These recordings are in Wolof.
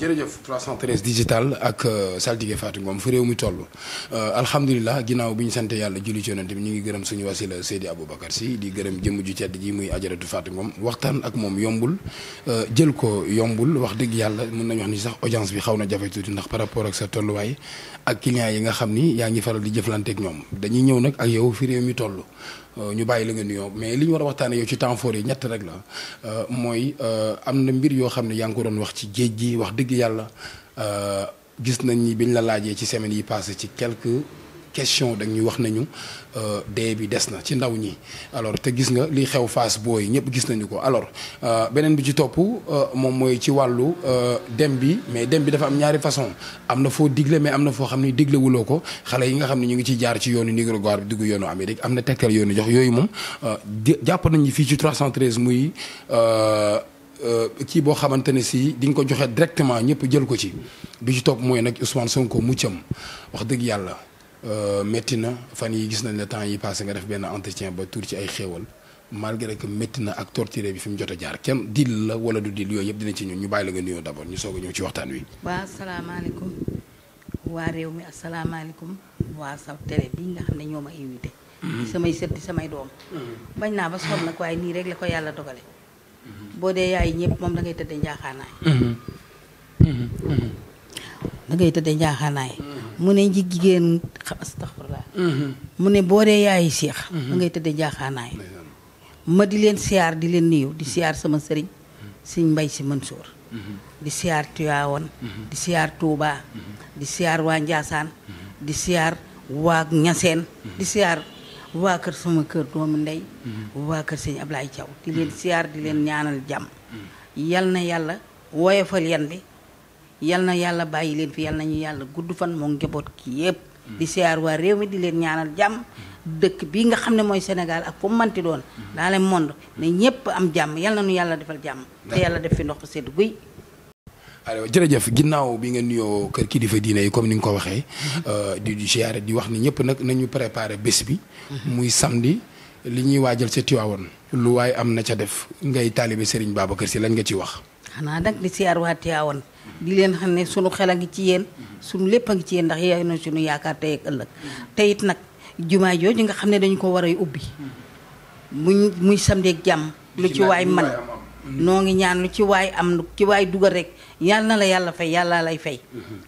jërëjëf trois 313 digital ak euh, saltige Fatou Ngom fu réew mi toll euh, alhamdulilah ginnaaw bi ñu sant yàlla julli ci yonent bi ñu ngi gërëm suñu wasila Seydi Aboubacar si di gërëm jëmm ju tedd ji muy ajaratu Fatou Ngom waxtaan ak moom yombul euh, jël ko yombul wax dëgg yàlla mën nañu wax ni sax audience bi xaw na jafe tuuti ndax par rapport ak sa tolluwaay ak clients yi nga xam ni yaa ngi faral di jëflanteeg ñoom dañuy ñëw nag ak yow fi réew mi toll Euh, ñu bàyyi la nga nuyoo mais li ñu war a waxtaanee yow ci temps yi ñett rek la euh, mooy euh, am na mbir yoo xam ne yaa ngi ko doon wax ci géej gi wax dëgg yàlla gis nañ ni biñ la laajee ci semaines yi passé ci quelques question dañ ñu wax nañu euh, dee bi des na ci ndaw ñi alors te gis nga li xew Fass booy ñëpp gis nañu ko alors euh, beneen bi ci topp euh, moom mooy ci wàllu dem bi mais dem bi dafa ñaari façon am na foo digle mais na foo xam ne diglewuloo ko xale yi nga xam ne ñu ngi ci jaar ci yoonu Nicaragua bi diggu yoonu Amérique am na tegtal yoonu jox yooyu moom jàpp nañu fii ci 313 muy kii boo xamante ne si di nga ko joxe directement ñëpp jël ko ci bi ci topp mooy nag Ousmane Sonko muccam wax dëgg yàlla Euh, metti na fan yi gis na la temps yi passé nga def benn entretien ba tuur ci ay xéewal malgré que metti na ak torturé bi fi mu jot a jaar kenn dil la wala du dil yooyu yëpp dina ci ñun ñu bàyyi la nga nuyoo d'abord ñu soog a ñëw ci waxtaan wi. waa asalaamaaleykum waa réew mi asalaamaaleykum waa saw télé bi nga xam ne ñoo ma invité. Mm-hmm. samay sët di samay doom. Mm-hmm. bañ naa ba soom nag waaye nii rek la ko yàlla dogale. Mm-hmm. boo dee yaay ñëpp moom da ngay tëddee njaaxaanaay. da mu ne ji jigéen astaghfirullah mm-hmm. mu ne boo dee yaayi seex da mm-hmm. ngay tëddee jaaxaanaay ma di leen siyaar di leen nuyu di mm-hmm. siyaar sama sëriñ sëñ mbay si Mansour di siyaar Tiwaawan di siyaar Touba di siyaar waa Njaasaan di siyaar waa Ñaseen di siyaar waa kër sama kër doomu ndey waa kër sëñ Ablaye Thiaw di leen siyaar di leen ñaanal jàmm yal na yàlla woyofal yan bi yal na yàlla bàyyi leen fi yal nañu yàlla gudd fan moo njaboot ki yépp di siyaar waa réew mi di leen ñaanal jàmm dëkk bii nga xam ne mooy Sénégal ak fu manti doon dans le monde ne ñépp am jàmm yal na nu yàlla defal jàmm te yàlla def fi ndox bu sedd guy alors jërëjëf ginnaaw bi nga nuyoo kër kilifa diine yi comme ni nga ko waxee euh, di di siyaare di wax ni ñëpp nag nañu préparé bés bi muy samedi li ñuy waajal sa Tiwaawoon lu waaye am na ca def ngay taalibe Serigne Babacar Sy lañ nga ci wax xanaa di leen xam ne sunu xel a ngi ci yéen mhm. sunu lépp a ngi ci yéen ndax yaay na sunu yaakaar tey ak ëllëg teyit it nag jumaa jooju nga xam ne dañu ko war a ubbi mhm. muy muy samedi jàmm lu ci waay man mhm. noo ngi ñaan lu ci waay am lu ci waay dugal rek yàlla na la yàlla fay yàlla lay fay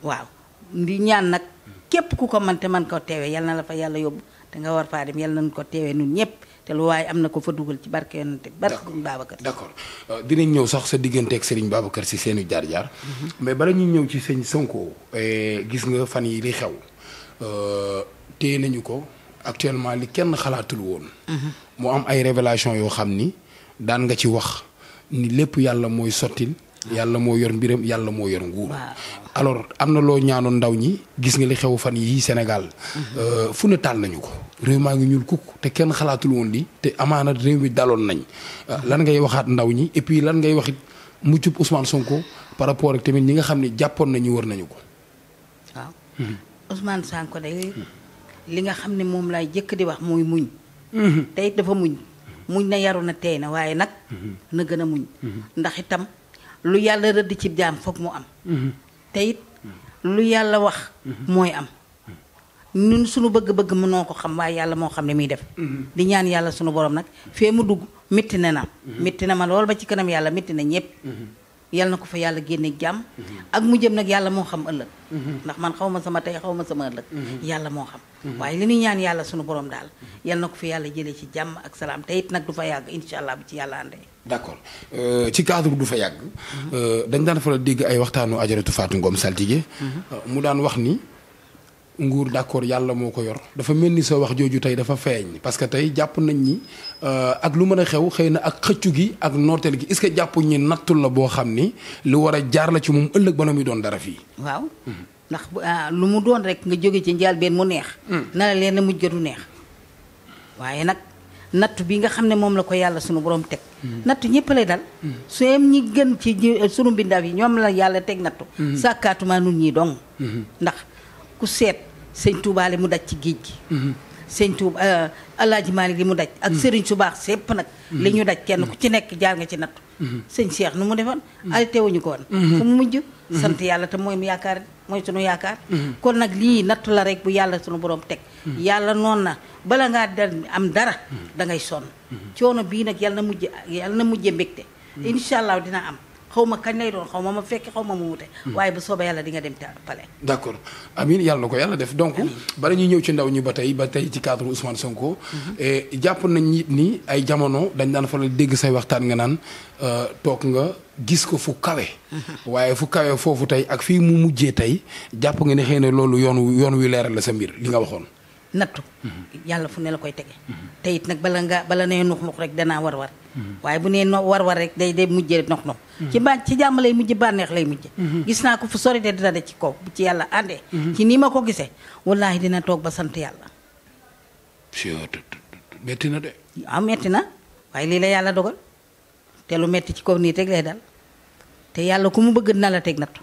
waaw di ñaan nag képp ku ko man te man ko teewee yàlla na la fa yàlla yóbbu te nga war faa dem yàlla nañ ko teewee nun ñëpp te lu waaye am na ko fa dugal ci barke yonante barke Sëriñ Babacar d' accord euh, dinañ ñëw sax sa diggante ak Sëriñ Babacar si seenu jaar-jaar mhm. mais bala ñu ñëw ci sëñ Sonko eh, gis nga fan yi li xew euh, téye nañu ko actuellement li kenn xalaatul woon mhm. mu am ay révélation yoo xam ni daan nga ci wax ni lépp yàlla mooy sottil yàlla moo yor mbiram yàlla moo yor nguur. alors am na loo ñaanoon ndaw ñi gis nga li xew fan yii Sénégal. Mhm. Euh, fu ne taal nañu ko. réew maa ngi ñuul kukk te kenn xalaatul woon lii te amaana réew mi daloon nañ euh, lan ngay waxaat ndaw ñi et lan ngay waxit muccub Ousmane Sonko par rapport ak tamit ñi nga xam ne jàppoon nañu war nañu ko. waaw mhm. Ousmane Sonko li nga xam ne moom laay jëkk di wax mooy muñ. Mhm. tey dafa muñ. muñ na yaru na tey na waaye nag. na gën a muñ. ndax itam. lu yàlla rëdd ci jaam foog mu am mm-hmm. te lu yàlla wax mm-hmm. mooy am mm-hmm. ñun sunu bëgg-bëgg noo ko xam waaye yàlla moo xam ne muy def di ñaan yàlla sunu borom nag fee mu dugg métti na na métti na ma lool ba ci kanam yàlla métti na ñépp yal na ko fa yàlla génne jàmm mhm. ak mu jëm nag yàlla moo xam ëllëg mhm. ndax man xaw ma sama tey xaw ma sama ëllëg mhm. yàlla moo xam waaye li ñuy ñaan yàlla sunu borom daal yal na ko fa yàlla jëlee ci jàmm ak salaam te it nag du fa yàgg incha bi ci yàlla àndee d'accord euh, ci cadre du fa yàgg euh, dañ daan faral dégg ay waxtaanu ajaratu Fatou Ngom saltige euh, mu daan wax ni nguur d'accord yàlla moo ko yor dafa mel ni sa wax jooju tey dafa feeñ parce que tey jàpp nañ ñi euh, ak lu mën a xew xëy na ak xëccu gi ak nooteel gi est-ce que jàpp ñi nattul la boo xam ni lu war a jaar la ci moom ëllëg ba na muy doon dara fii. waaw mhm. ndax euh, lu mu doon rek nga jóge ci njaal benn mu neex. Mhm. na la leen a mujj ga du neex waaye nag nattu bi nga xam ne moom la ko yàlla sunu borom teg. Mhm. nattu ñëpp lay dal. su yem ñi gën ci euh, sunu mbindaaf yi ñoom la yàlla teg nattu. sàkkaatuma nun ñii dong. ndax ku seet. sëñ Touba mu daj ci géej gi. Mhm. sëñ Touba euh, Alaaji Maalik li mu daj. ak mhm. sëriñ su baax sépp nag. li mhm. ñu daj kenn ku ci nekk jaar nga ci nattu. sëñ Cheikh nu mu defoon. arrêté wuñu ko woon. fu mu mujj. sant yàlla te mooy yaakaar mooy sunu yaakaar. kon nag lii nattu la rek bu yàlla sunu borom teg. yàlla noon na bala ngaa dem am dara. da ngay sonn. coono bii nag yàlla na mujj yàlla na mujjee mbégte. incha allah dina am. xaw ma kañ lay doon xaw ma ma fekki xaw ma mu wute hmm. waaye bu soobee yàlla di nga dem te palais d'accord amin yàlla ko yàlla def donc bala ñuy ñëw ci ndaw ñi ba tey ba tey ci cadre Ousmane Sonko hmm. eh, jàpp nañ nit ni ay jamono dañ daan faral dégg say waxtaan nga naan euh, toog nga gis ko fu kawe waaye fu kawe foofu tey ak fii mu mujjee tey jàpp nga ne xëy na loolu yoon yoon wi leeral la sa mbir li nga waxoon nattu yàlla fu ne la koy tege te nag bala nga bala nee nux nux rek danaa war war waaye bu nee war war rek day de mujjee nox nox ci ba ci jàmm lay mujj bànneex lay mujj gis naa ko fu sori te dina de ci kaw bu ci yàlla àndee ci nii ma ko gisee wallaahi dina toog ba sant yàlla oh, metti na de waaw ah, metti na waaye lii la yàlla dogal te lu metti ci kaw nii teg lay dal te yàlla ku mu bëgg na la teg nattu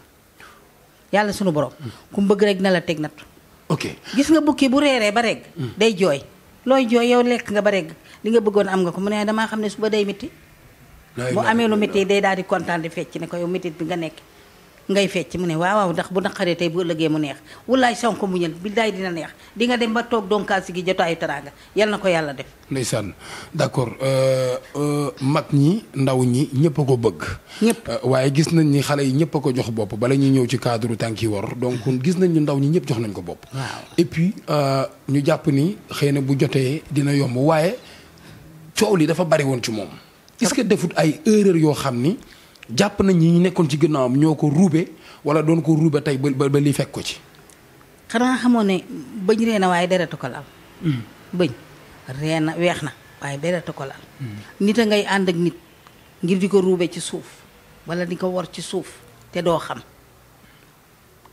yàlla sunu borom ku mu bëgg rek nala teg nattu ok gis nga bukki bu reeree ba regg mm. day jooy looy jooy yow lekk nga ba regg li nga bëggoon am nga ko mu ne damaa xam ne suba day métti bu amee lu yi day daal di kontaan di fecc ne ko yow métti bi nga nekk ngay fecc mu ne waaw waaw ndax bu naqaree tey bu ëllëgee mu neex walaay Sonko muñal billaay dina neex di nga dem ba toog donkaasi gi jotaayu teraanga yal na ko yàlla def. ndeysaan d'accord euh, euh, mag ñi ndaw ñi ñëpp ko bëgg. ñëpp euh, waaye gis nañ ni xale yi ñëpp a ko jox bopp bala ñuy ñëw ci cadre tànki war donc gis nañ ñu ndaw ñi ñëpp jox nañ ko bopp. waaw et puis ñu jàpp ni xëy na bu jotee dina yomb waaye coow li dafa bari woon ci moom. est-ce que defut ay erreur yoo xam ni. jàpp nañ ñi ñu nekkoon ci ginnaawam ñoo ko ruube wala doon ko ruube tey ba ba li fekk ko ci. xanaa xamoon ne bëñ ree na waaye deretu ko laal. Hmm. bëñ ree na weex na waaye deretu ko laal. Hmm. nit a ngay ànd ak nit ngir di ko ruube ci suuf wala di ko war ci suuf te doo xam.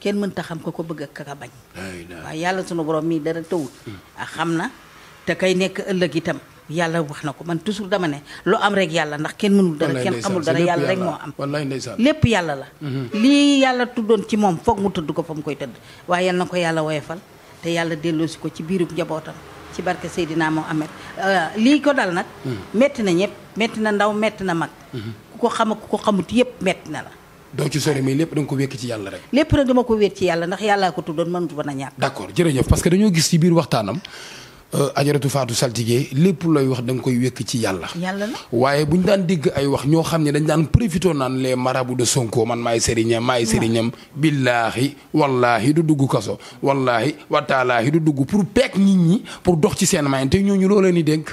kenn mënta xam ko ko bëgg ak ka bañ. waaye yàlla sunu borom mii dara tawul. Hmm. a ah, xam na te kay nekk ëllëg itam. yàlla wax na ko man toujours dama ne lu am rek yàlla ndax kenn mënul dara kenn xamul dara yàlla rek moo am lépp yàlla la mhm. lii yàlla tuddoon ci moom foog mu tëdd ko fa mu koy tëdd waaye yal na ko yàlla woyefal te yàlla delloosi ko ci biirub njabootam ci barke Seydina Mohamed euh, lii ko dal nag mhm. metti na ñëpp metti na ndaw metti na mag mhm. ku ko xam ak ku ko xamut yëpp metti na la doo ci sori mais lépp da ko wékk ci yàlla rek lépp nag dama ko wéet ci yàlla biir waxtaanam Euh, ajaratu faatu saltige lépp looy wax da nga koy wekk ci yàlla. yàlla la waaye bu ñu daan digg ay wax ñoo xam ne dañ daan profité naan les marabouts de sonkoo man maay sëriñam maay sëriñam. billaahi wallaahi du dugg kaso. wallaahi wataalaahi du dugg pour peek nit ñi pour dox ci seen maay te ñooñu loo leen di dénk.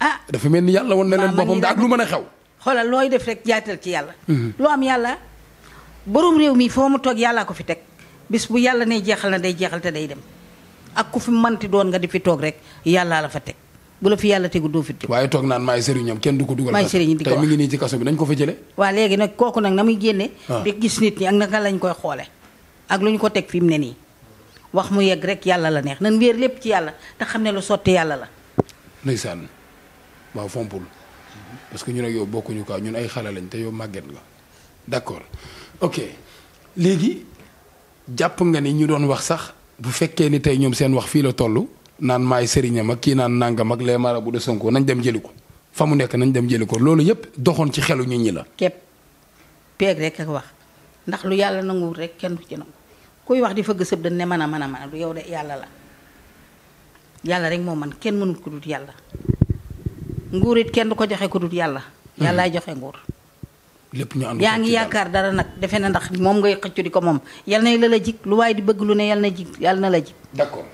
Ah. dafa mel ni yàlla woon na leen boppam da ak lu mën a xew. xoolal looy def rek jaatal ci yàlla. Mhm. lu am yàlla borom réew mi foo mu toog yàllaa ko fi teg bis bu yàlla ne jeexal na day jeexal te day dem. ak ku fi manti doon nga di fi toog rek yàllaa la fa teg bu la fi yàlla tegu doo fi teg waaye toog naan maay sëriñam kenn du ko dugal maay sëriñ di ko tey mi ngi nii ci kaso bi nañ ko fa jële waa léegi na muy génne ah. di koy xoole ak lu ñu ko teg fi mu ne nii wax mu yegg rek yàlla la neex nan wéer lépp ci yàlla te xam ne lu sotti yàlla la ndeysaan waaw fompul parce que ñun ak yow bokkuñu quoi ñun ay xale lañ te yow màgget la d'accord ok léegi jàpp nga ni ñu doon wax sax bu fekkee ni tey ñoom seen wax fii la toll naan maay sëriñam ak kii naan nangam ak les bu de Sonko nañ dem jëli ko fa mu nekk nañ dem jëli ko loolu yëpp doxoon ci xelu ñu ñi la. képp peeg rek ak wax ndax lu yàlla nanguwul rek kenn du ci nangu kuy wax di fëgg sëb dañ ne mën a mën yow de yàlla la yàlla rek moo man kenn mënul ku dut yàlla nguur it kenn du ko joxe ku dut yàlla. Mhm. yàllaay joxe nguur. lépp ñu ànd yaa ngi yaakaar dara nag defe na ndax moom ngay xëccu di ko moom yal na la la jik lu waaye di bëgg lu ne yal na jik na la jik d'accord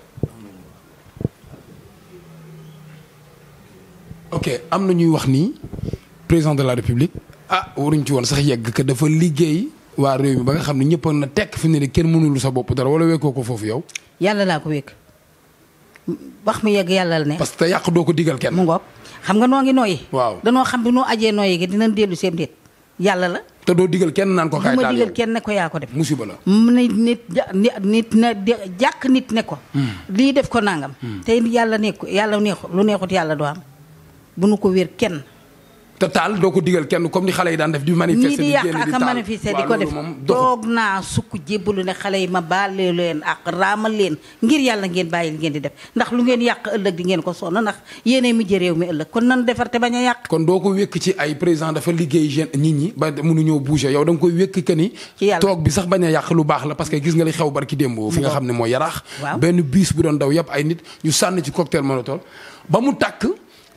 ok am na ñuy wax nii président de la république ah waruñ ci woon sax yegg que dafa liggéey waa réew mi xam ne na tekk fi mu ne kenn mënul sa bopp dara wala wekkoo ko foofu yow. yàlla laa ko wekk wax mu yegg yàlla la ne. parce que yàq doo ko digal kenn. ngoog xam nga noo ngi nooyi. waaw danoo xam bi noo ajee nooyi gi dinañ dellu seen déet. yàlla la. te doo digal kenn naan ko xaytaal du ma digal kenn ne ko yaa ko def. musiba la nit nit nit na jàkk nit ne ko. Hmm. lii def ko nangam. Hmm. te yàlla nekk yàlla neexut lu neexut yàlla doo am bu nu ko wér kenn. te taal doo ko digal kenn comme ni xale yi daan def di manifester di génn di taal di ko def toog naa sukk jébbalu ne xale yi ma baale leen ak raamal leen ngir yàlla ngeen bàyyil ngeen di def ndax lu ngeen yàq ëllëg di ngeen ko sonn ndax yéenay mujj réew mi ëllëg kon nan defar te bañ a yàq kon doo ko wékk ci ay président dafa liggéey jeune nit ñi ba mënuñoo bouger yow da nga koy wékk que ni toog bi sax bañ a yàq lu baax la parce que gis nga li xew barki démb fi nga xam ne moo yaraax benn biis bu doon daw yëpp ay nit ñu sànn ci cocktail molotov ba mu tàkk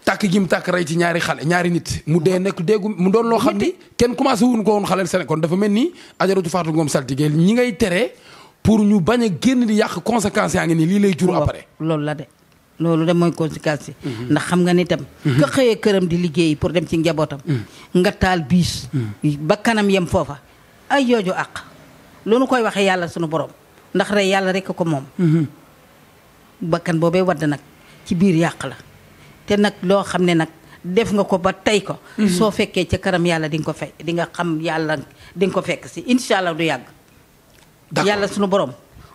tàkk gi mu tàkk rey ci ñaari xale ñaari nit mu dee nekk déggu mu doon loo xam ni kenn commencé wuñ ko woon xaleel Sénégal kon dafa mel ni ajaratu Fatou Ngom saltige ñi ngay tere pour ñu bañ a génn di yàq conséquences yaa ngi nii lii lay jur après loolu la de loolu de mooy conséquence yi mhm. ndax xam nga ni tam mhm. ka xëyee këram di liggéeyi pour dem ci njabootam mhm. nga taal biis bakkanam kanam yem foofa ay jooju àq loolu koy waxee yàlla sunu borom ndax rey yàlla rek ko moom bakkan boobee wadd nag ci biir yàq la te nag loo xam ne nag def nga ko ba tey ko. Mhm. soo fekkee ca kanam yàlla di nga ko fekk di nga xam yàlla dinga ko fekk si incha allah du yàgg. yàlla sunu borom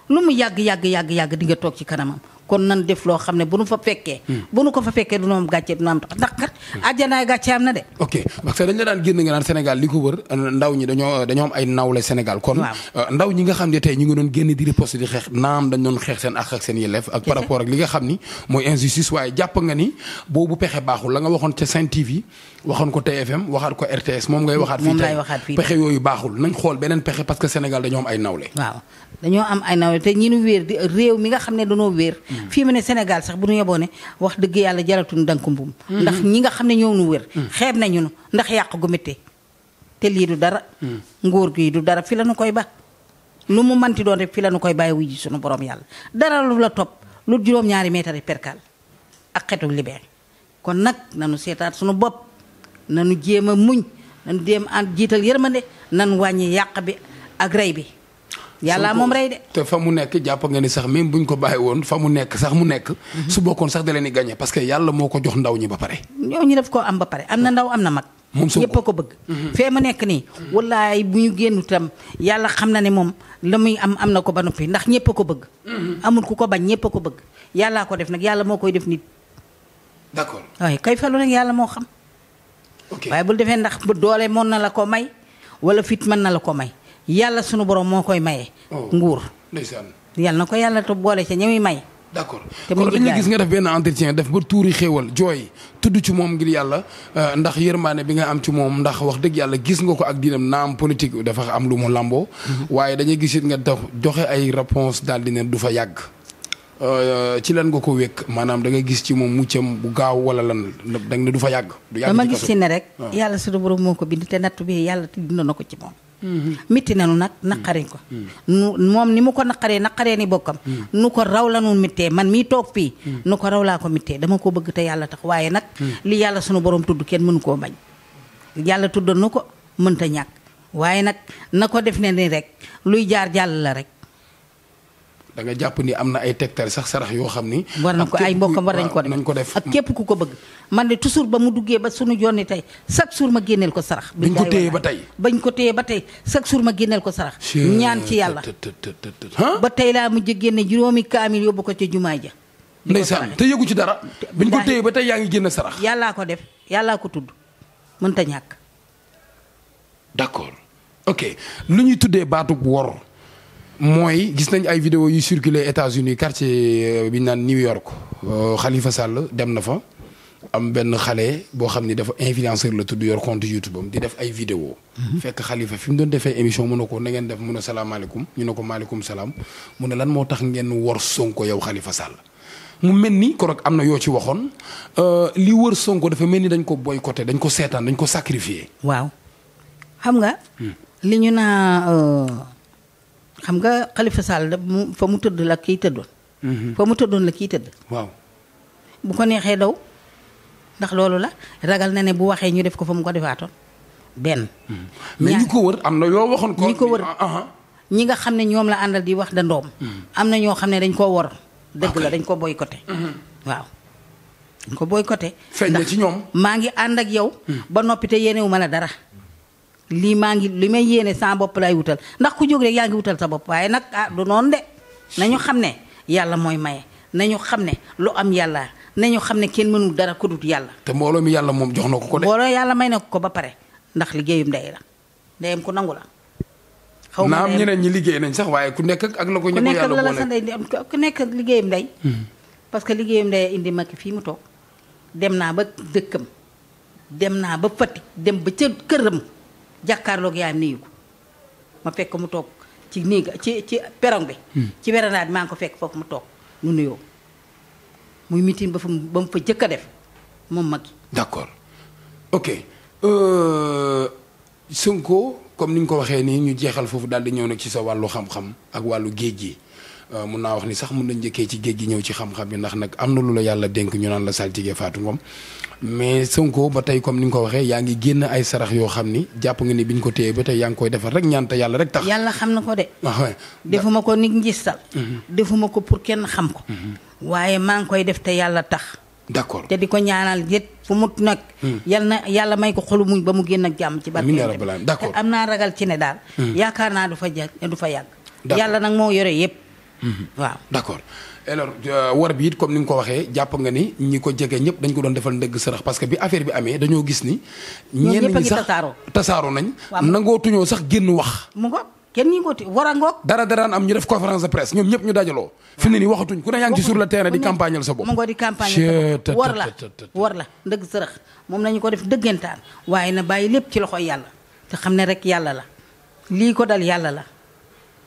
lu mu yàgg yàgg yàgg yàgg di nga toog ci kanamam. kon nan def loo xam ne bu nu fa fekkee. Hmm. bu nu ko fa fekkee du ñu am gàcce du ñu am tax ndax kat. Hmm. àjjanaay gàcce am na de. ok parce que dañu la daan génn nga naan Sénégal li ko wër ndaw ñi dañoo dañoo am ay nawle Sénégal. kon euh, ndaw ñi nga xam ne tey ñu ngi doon génn di riposte di xeex naam dañ doon xeex seen àq ak seen yelleef. ak par rapport ak li nga xam ni mooy injustice waaye jàpp nga ni boobu pexe baaxul la nga waxoon ca Sen TV waxoon ko TFM waxaat ko RTS moom ngay waxaat. moom ngay waxaat fii pexe yooyu baaxul nañ xool beneen pexe parce que Sénégal dañoo am ay nawle. am ay nawle te ñi nu wéer di réew mi nga xam ne danoo wéer. Mm. fii mu ne Sénégal sax bu ñu yeboo ne wax dëgg yàlla jaratuñu danku mbuum. Mm-hmm. ndax ñi nga xam ne ñoo nu wér. Mm. xeeb nañu nu ndax yàq gu métti te lii du dara. Mm. nguur gii du dara fi la nu koy ba. lu mu manti doon rek fi la nu koy bàyyi wuy ji suñu boroom yàlla dara lu la topp lu juróom-ñaari mètre perkal ak xetu libère kon nag nanu nanu jéem a muñ nanu jéem a jiital yërmande nan wàññi yàq bi ak rey bi. yàlla moom rey de. te fa mu nekk jàpp nga ni sax même buñ ko bàyyi woon fa mu nekk sax mu nekk. Mhm. su bokkoon sax da leen di gagné parce que yàlla moo ko jox ndaw ñi ba pare. ñoo ñu def ko am ba pare am na ndaw am na mag. moom ñëpp a ko bëgg. Mhm. fee mu nekk nii. Mhm. wallaay bu ñu génn tam yàlla xam na ne moom la muy am am na ko ba noppi ndax ñëpp ko bëgg. amul ku ko bañ ñëpp a ko bëgg. yàllaa ko def nag yàlla moo koy def nit. d'accord kay falu nag yàlla moo xam. waaye bul defee ndax doole mën na la ko may wala fit man na la ko may yàlla sunu borom moo koy maye. Oh. nguur ndeysaan yàlla na ko yàlla te boole ca ñëwi may. d' accord kon dañu la gis nga def benn entretien def ba tuuri xéewal jooy tudd ci moom ngir yàlla euh, ndax yërmaane bi nga am ci moom ndax wax dëgg yàlla gis nga ko ak diinam naam politique dafa am lu mu làmboo mhm. waaye dañuy gis it nga dox joxe ay réponse daal di ne du fa yàgg. Euh, ci lan nga ko wékk maanaam da nga gis ci moom muccam bu gaaw wala lan da nga du fa yàgg. du yàgg dama gis ci ne rek. Ah. yàlla suñu borom moo ko bind te natt bi yàlla dund na ko ci moom. Mm-hmm. mitti nanu nag naqariñ ko mm-hmm. nu moom ni mu ko naqaree naqaree ni bokkam mm-hmm. nu ko raw la nu mittee man mii toog fii nu ko raw laa ko mittee dama ko bëgg te yàlla tax waaye nag li yàlla sunu borom tudd kenn mënu koo bañ yàlla tudd na ko mënta ñàkk waaye nag na ko def ne ni rek luy jaar jàll la rek da jàpp ni am na ay tegtal sax sarax yoo xam ni. war na ko ay mbokkam war nañ ko def nañ ko def. ak képp ku ko bëgg man de toujours ba mu duggee ba sunu jonni tey chaque jour ma génneel ko sarax. bañ ko téye ba tey bañ ko téye ba tey chaque jour ma génneel ko sarax. ñaan ci yàlla. ba tey laa mujj génne juróomi kaamil yóbbu ko ca jumaa ja. ndeysaan te yëgu ci dara. biñ ko téye ba tey yaa ngi génne sarax. yàllaa ko def yàllaa ko tudd mënta ñàkk. d'accord ok lu ñuy tuddee baatu bu wor mooy gis nañ ay vidéo yu circulé États-Unis quartier euh, bi ñu naan New York euh, Khalifa Sall dem na fa am benn xale boo xam ni dafa influenceur la tudd yor compte YouTube am di def ay vidéo mhm. fekk Khalifa fi mu doon defee émission mu ne ko nangeen ngeen def mu ne salaamaaleykum ñu ne ko maaleykum salaam mu ne lan moo tax ngeen wor Sonko yow xalifa Sall mu mel ni korog am na yoo ci waxoon euh, li wër Sonko dafa mel ni dañ ko boy boycotté dañ ko seetaan dañ ko sacrifié. waaw nga. Hmm. xam nga Khalifa Sall mu fa mu tëdd la kiy tëddoon. Mhm. fa mu tëddoon la kiy tëdd. bu ko neexee daw ndax loolu la ragal na ne bu waxee ñu def ko fa mu ko defaatoon benn. Mhm. mais ñi ko wër am na yoo waxoon. ko ko wër ah, ah. ñi nga xam ne ñoom la àndal di wax da ndoom mhm. am na ñoo xam ne dañ koo wor. dëgg la dañ ko boycotté. waaw dañ ko boycotté. feeñ na ci ñoom maa ngi ànd ak yow. ba noppi te yéenewu ma la dara. lii maa ngi li may yéene saa bopp laay wutal ndax ku jóg rek yaa ngi wutal sa bopp waaye nag ah du noonu de nañu xam ne yàlla mooy maye nañu xam ne lu am yàlla nañu xam ne kenn mënul dara ku dut yàlla. te mbooloo mi yàlla moom jox na ko ko de. mbooloo yàlla may na ko ko ba pare ndax liggéeyum ndey la ndeyam ku nangu la. xaw ma naam ñeneen ñi liggéey nañ sax waaye ku nekk ak la ko ñëpp yàlla boole ku nekk la la ku nekk liggéeyum ndey. Hmm. parce que liggéeyum ndey indi Macky fii mu toog dem naa ba dëkkam dem naa ba Fatick dem ba ca këram jàkkaarloog yaayam nii ko ma fekk mu toog ci néeg ci ci perong bi. Hmm. ci werandaat maa ngi ko fekk foofu mu toog mu nuyoo muy mitin ba fa ba mu fa jëkk a def moom mag yi. d'accord ok euh, Sonko comme ni ñu ko waxee nii ñu jeexal foofu daal di ñëw nag ci sa wàllu xam-xam ak wàllu géej gi. Euh, mun naa wax ni sax mun nañ njëkkee ci géej gi ñëw ci xam-xam bi ndax nag am na lu la yàlla dénk ñu naan la saltige Fatou Ngom mais Sonko ba tey comme ni nga ko waxee yaa ngi génn ay sarax yoo xam ni jàpp nga ni biñ ko téye ba tey yaa ngi koy defar rek ñaan yàlla rek tax. yàlla xam na ko de. Ah defuma ko nit ngistal mhm. defuma ko pour kenn xam ko. Mhm. waaye maa ngi koy def te yàlla tax. d'accord te di ko ñaanal yët fu mu nag. Mhm. yal na yàlla may ko xolu muñ ba mu génn ak jàmm ci barke. amiin d'accord te am naa ragal ci ne daal. yaakaar naa du fa jag du fa yàgg. yàlla nag moo yore yëpp. Mm-hmm. waaw d'accord alors euh, war bi it comme ni nga ko waxee jàpp nga ni ñi ko jege ñëpp dañ ko doon defal ndëgg sërëx parce que bi affaire bi amee dañoo gis ni. ñenn ñi sax tasaaroo nañ. nangoo tuñoo sax génn wax. mu kenn ñi ngooti war a dara daraan am ñu def conférence de presse ñoom ñëpp ñu dajaloo. fi mu ne nii waxatuñ ku ne yaa ngi ci sur le terrain di campagnal sa bopp. war la war la ndëgg sërëx moom nañu ko def dëggantaan waaye na bàyyi lépp ci loxo yàlla te xam ne rek yàlla la lii ko dal yàlla la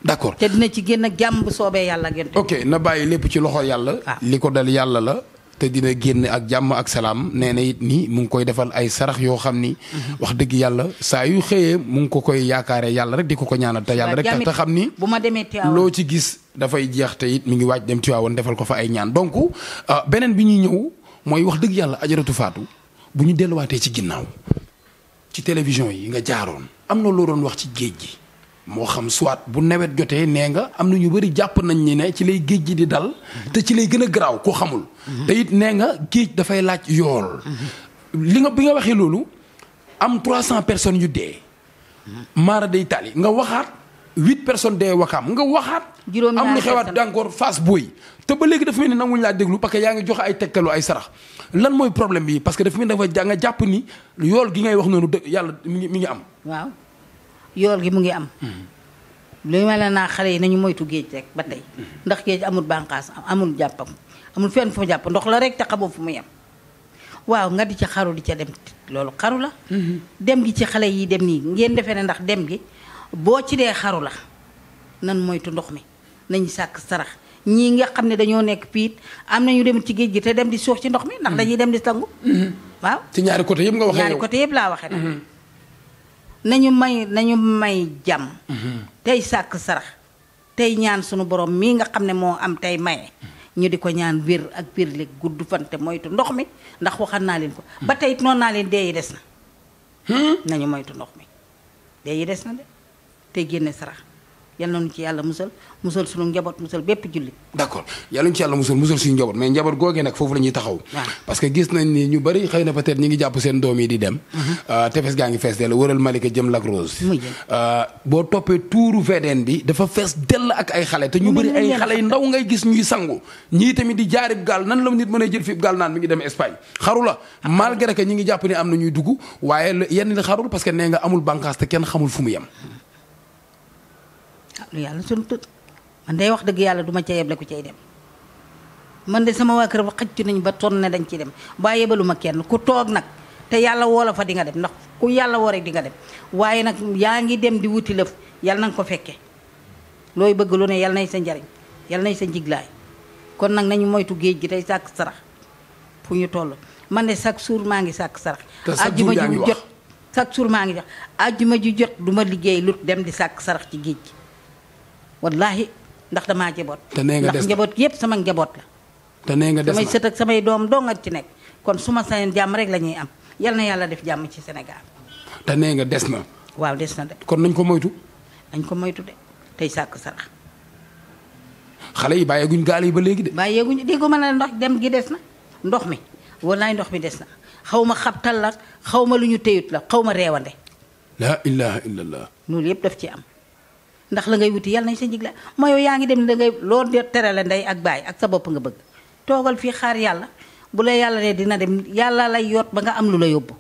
d'accord te dina ci génn jàmm bu soobee yàlla gerte. ok na bàyyi lépp ci loxo yàlla. Ah. li ko dal yàlla la. te dina génn ak jàmm ak salaam nee na it ni mu ngi koy defal ay sarax yoo xam ni. Mhm. wax dëgg yàlla saa yu xëyee mu ngi ko koy yaakaare yàlla rek di ko ko ñaanal te yàlla rek. te xam ni bu ma demee loo ci gis dafay jeex te it mu ngi waaj dem Tiwaawoon defal ko fa ay ñaan donc euh, beneen bi ñuy ñëw mooy wax dëgg yàlla ajaratu faatu bu ñu delluwaatee ci ginnaaw ci télévision yi nga jaaroon am na loo doon wax ci géej gi. moo xam soit bu nawet jotee nee nga am na ñu bëri jàpp nañ ñi ne ci lay géej gi di dal te ci lay gën a garaaw koo xamul te nee nga géej dafay laaj yool li nga bi nga waxee loolu am trois cent personnes yu dee maara day tali nga waxaat huit personnes dee wakaam nga waxaat am lu xewaat encore face booy te ba léegi dafa mel ni nanguñu laa déglu parce que yaa ngi jox ay tegtalu ay sarax lan mooy problème bi parce que dafa mel ni dafa nga jàpp ni yool gi ngay wax noonu yàlla mi mi ngi am yool gi mu ngi am hmm. lu ma la naa xale yi nañu moytu géej rek ba tey hmm. ndax géej amul bànqaas amul jàppam amul fen fu mu jàpp ndox la rek te xamoo fu mu yem waaw nga di ca xaru di ca dem loolu xaru la hmm. dem gi ci xale yi dem nii ngeen defee ne ndax dem gi boo ci dee xaru la nan moytu ndox mi nañu sàkk sarax ñii nga xam ne dañoo nekk piit am na ñu dem ci géej gi te dem di suux ci ndox mi ndax dañuy dem di sangu waaw ci ñaari côté yëpp nga waxee ñaari côté yëpp laa waxee nag nañu may nañu may jàmm. Mhm. tey sàkk sarax tey ñaan sunu borom mii nga xam ne moo am tey maye. ñu di ko ñaan wér ak wérle gudd fante moytu ndox mi ndax waxal naa leen ko. Mhm. ba tey noon naa leen dee yi des na. Hmm? nañu moytu ndox mi dee yi des na de tey génne sarax. yal nañu ci yàlla musal musal suñu njaboot musal bépp jullit ñu ci yàlla musal musal suñu njaboot mais njaboot googee nag foofu la taxaw parce gis nañ ni ñu bari xëy na peut mhm. euh, euh, ñu a ngi jàpp ni am na ñuy dugg waaye yenn xarul parce que nee nga amul bànqaas te kenn xamul fu mu yem Ah, lu yàlla sunu tut man day wax dëgg yàlla duma ca yeble ko cay dem man de sama waa kër ba xëcc nañ ba ton ne dañ ciy dem ba yebaluma kenn ku toog nag te yàlla woola fa dinga nga dem ndax ku yàlla woo rek di nga dem waaye nag yaa ngi dem di wuti lëf yàlla nanga ko fekkee looy bëgg lu ne yàlla nay sa njariñ yàlla nay sa njiglaay kon nag nañu moytu géej gi tey sàkk sarax fu ñu toll man de chaque jour maa ngi sàkk sarax ajjuma ju jot chaque jour maa ngi jox ajjuma ju jot du liggéey lut dem di sàkk sarax ci géej gi wallaahi ndax damaa njaboot. te nee nga des ndax njaboot yëpp sama njaboot te nee nga des samay sët samay doom doo nga ci nekk kon su ma sañoon jàmm rek la am yal na yàlla def jàmm ci Sénégal. te nee nga des na. waaw des na de. kon nañ ko moytu. nañ ko moytu de tey sàkk sarax. xale yi bàyyeeguñ gaal yi ba léegi de. bàyyeeguñ déggu ma ne ndox dem gi des na ndox mi wallaay ndox mi des na xaw ma xabtal la xaw ma lu ñu téyut la xaw ma reewande. la ilaha illallah. loolu yëpp daf ci am. ndax la ngay wuti yàlla nañ sa njëgle ma yow yaa ngi dem da ngay loo terale ndey ak baay ak sa bopp nga bëgg toogal fii xaar yàlla bu la yàlla ne dina dem yàlla lay yoot ba nga am lu la yóbbu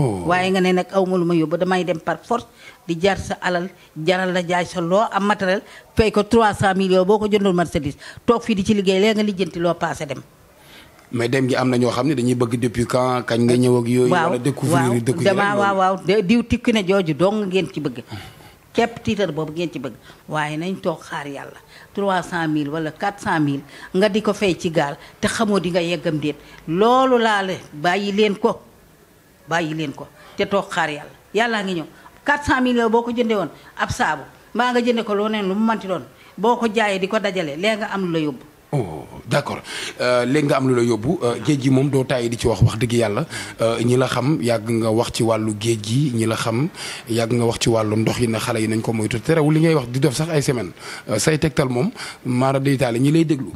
oh. waaye nga ne nag aw ma lu ma yóbbu damay dem par force di jaar sa alal jaral la jaay sa loo am matériel fay ko 300 millions boo ko jëndoon marchandise toog fii di ci liggéey lee nga lijjanti loo paase dem mais dem gi am na ñoo xam ne dañuy bëgg depuis quand kañ nga ñëw ak yooyu wala découvrir dëkk yi waaw waaw waaw diw tikki jooju dong ngeen ci bëgg képp tiitar boobu ngeen ci bëgg waaye nañ toog xaar yàlla 300000 wala 400000 nga di ko fay ci gaal te xamoo di nga yeggam déet loolu laa la bàyyi leen ko bàyyi leen ko te toog xaar yàlla yàllaa ngi ñëw 400000 yow boo ko jëndee woon ab saabu mbaa nga jënde ko loo neen lu mu manti doon boo ko jaayee di ko dajale léegi nga am la yóbbu oh d'accord euh, léegi nga am lu la yóbbu euh, géej gi moom doo tàyyi di ci wax wax dëgg yàlla euh, ñi la xam yàgg nga wax ci wàllu géej gi ñi la xam yàgg nga wax ci wàllu ndox yi na xale yi nañ ko moytu terewul li ngay wax di def sax ay semaine say tegtal moom maara deytaale ñi lay déglu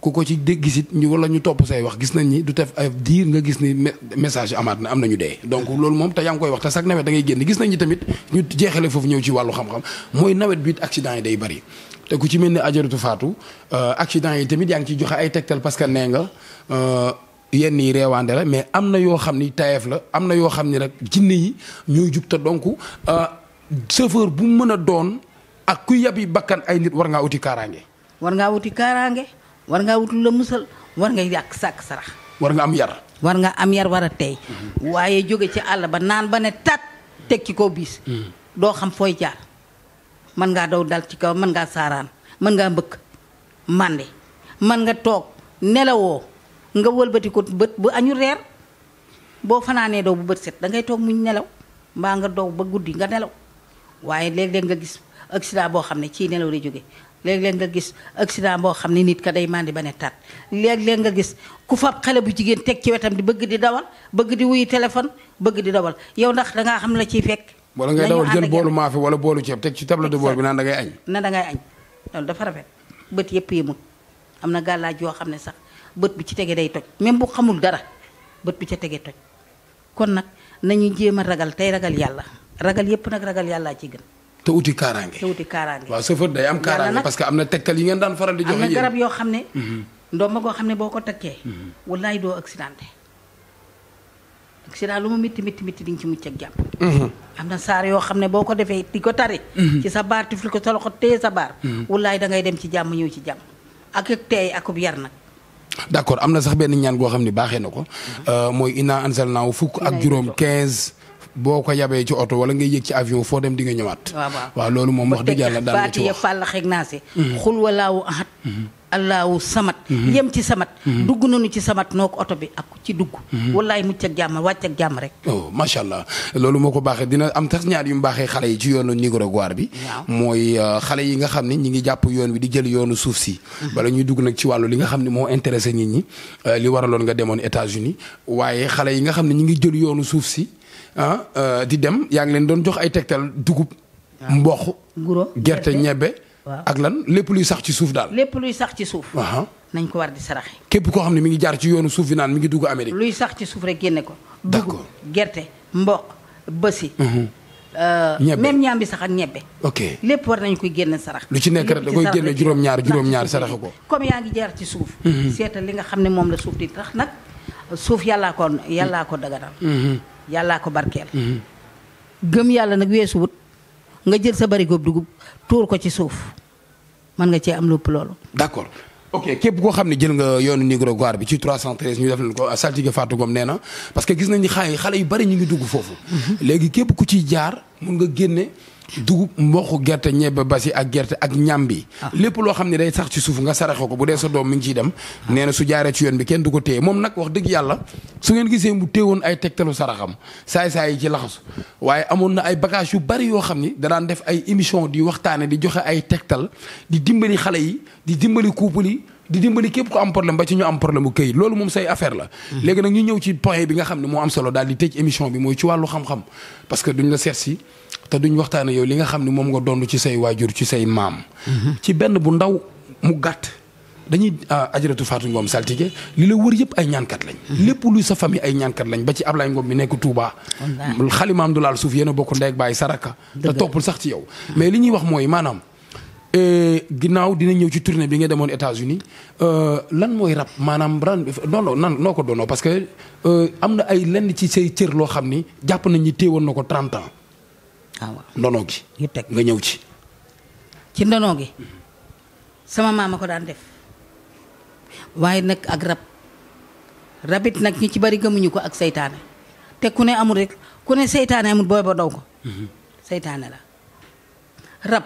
ku ci dégg ñu wala ñu topp say wax gis nañ ni du def ay diir nga gis ni message amaat na am na nañu dee donc loolu moom te yaa ngi koy wax te chaque nawet da ngay génn gis nañ ni tamit ñu jeexale foofu ñëw ci wàllu xam-xam mooy nawet bi accident yi day bari te ku ci mel ni ajaratu faatu euh, accident yi tamit yaa ngi ciy joxe ay tegtal parce que nee nga euh, yenn yi reewaande la mais am na yoo xam ni tayeef la am na yoo xam ni rek jinne yi ñooy jub te donc euh, chauffeur bu mën a doon ak ku yabi bakkan ay nit war ngaa wuti kaaraange. war ngaa wuti kaaraange war ngaa wuti la musal war nga yàq sàkk sarax. war nga am yar. war nga am yar war a tey. Mhm. waaye jóge ci àll ba naan ba ne tat teg ci kaw biis. Mhm. doo xam fooy jaar. mën ngaa daw dal ci kaw man ngaa saaraan mën ngaa mbëkk màndi man nga toog nelawoo nga wëlbati ko bët bu añu reer boo fanaanee dow bu bët set da ngay toog muñ nelaw mbaa nga dow ba guddi nga nelaw waaye léeg-léeg nga gis accident boo xam ne ci nelaw la jóge léeg-léeg nga gis accident boo xam ne nit ka day màndi ba ne tat léeg-léeg nga gis ku fab xale bu jigéen teg ci wetam di bëgg di dawal bëgg di wuyu téléphone bëgg di dawal yow ndax dangaa xam la ciy fekk wala ngay dawal jël boolu maafe wala boolu ceeb teg ci table de bord bi naan da ngay añ na da añ dafa rafet bët yëpp yemul am na gàllaaj yoo xam ne sax bët bi ci tege day toj même bu xamul dara bët bi ca tege toj kon nag nañu jéem a ragal tey ragal yàlla ragal yëpp nag ragal yàlla ci gën te uti kaaraange te uti kaaraange waaw chauffeur day am kaaraange parce que am na tegtal yi ngeen daan faral di joxe am na garab yoo xam ne mhm. ndoom ma goo xam ne boo ko takkee mhm. wallaay doo accidenté sida lu mu mitti mitti mitti ci mucc ak jàmm. Mhm. am na saar yoo xam ne boo ko defee di ko tari. Mhm. ci sa baar tifli ko sa loxo téye sa baar. Mhm. walaay da ngay dem ci jàmm ñëw ci jàmm ak ak teey akub yar nag. d'accord am na sax benn ñaan goo xam ne baaxee na ko. Euh, mooy inna anzalnaahu fukk ak juróom 15. boo ko yabee ci oto wala ngay yëg ci avion foo dem di nga ñëwaat. waaw waaw loolu moom wax dëgg yàlla daal na ci wax ba teg baati ya fàll xeeg naa si. xul walaawu allahu samat mhm. yem ci samat mhm. dugg nañu ci samat noo ko oto bi ak ci dugg mhm. wallaay mucc ak jàmm wàcc ak jàmm rek oh macha allah loolu moo ko baaxee dina am tax ñaar yu baaxee xale yi ci yoonu Nicaragua bi mooy euh, xale yi nga xam ne ñi ngi jàpp yoon wi di jël yoonu suuf si bala ñuy dugg nag ci wàllu li nga xam ne moo intéressé nit ñi euh, li waraloon nga demoon États-Unis waaye xale yi nga xam ne ñi ngi jël yoonu suuf si ah euh, di dem yaa ngi leen doon jox ay tegtal dugub mboq gerte ñebbe ak lan lépp luy sax ci suuf daal. lépp luy sax ci suuf. nañ ko war di saraxe. képp koo xam ne mu ngi jaar ci yoonu suuf bi naan mi ngi dugg Amérique. luy sax ci suuf rek génne ko. d'accord dugub gerte mboq bësi. Mhm. Euh, ñebe même ñaam bi sax ak ñebe. ok lépp war nañ koy génne sarax. lu ci nekk rek da koy génne juróom-ñaar juróom-ñaar saraxe ko. comme yaa ngi jaar ci suuf. Mhm. seetal li nga xam ne moom la suuf di tax nag suuf yàllaa ko yàllaa ko daganal. Mhm. yàllaa ko barkeel. gëm yàlla nag weesu jël sa bari dugub. tuur ko ci suuf mën nga cee am lupp loolu. d'accord ok képp koo xam ne jël nga yoonu Nigro Goar bi ci ñu def leen ko saltige Fatou Ngom nee na parce que gis nañ ni xale yu bari ñu ngi dugg foofu. Mhm. léegi képp ku ciy jaar. mun nga génne dugub mboq gerte ñebe basi ak gerte ak ñambi ah. lépp loo xam ne day sax ci suuf nga saraxe ko bu dee sa doom mi ngi ciy dem ah. nee na su jaaree ci yoon bi kenn du ko téye moom nag wax dëgg yàlla su ngeen gisee mu woon ay tegtalu saraxam saay-saay yi ci laxasu waaye amoon na ay bagage yu bari yoo xam ni danaan def ay émission di waxtaane di joxe ay tegtal di dimbali xale yi di dimbali couple yi di dimbali képp ko am problème ba ci ñu am problème bu këyit loolu moom say affaire la mm-hmm. léegi nag ñu ñëw ci point bi nga xam ne moo am solo daal di tëj émission bi mooy ci wàllu xam-xam parce que duñ la seet si te duñ waxtaane yow li nga xam ne moom nga dond ci say waajur ci say maam mm-hmm. ci benn bu ndaw mu gàtt dañuy ah, ajaratu Fatou Ngom saltige li la wër yëpp ay ñaankat lañ mm-hmm. lépp luy sa famille ay ñaankat lañ ba ci Ablaye Ngom bi nekk Touba xalimaam du laal suuf yéen bokk ndeeg bàyyi saraka te sax ci yow mais li ñuy wax mooy maanaam ginnaaw dina ñëw ci tournée bi nga demoon États-Unis euh, lan mooy rab maanaam ran nan noo ko doonoo parce que euh, am na ay lenn ci say cër loo xam ni jàpp nañ ni téewoon na ko 30 ans. Ah, waaw ndono gi. ñu teg nga ñëw ci. ci ndono gi sama maam maama ko daan def waaye nag ak rab rabit nag ñu ci bari gëmuñu ko ak seytaane te ku ne amul rek ku ne seytaane amul booy ba daw ko. Mm-hmm. seytaane la rab.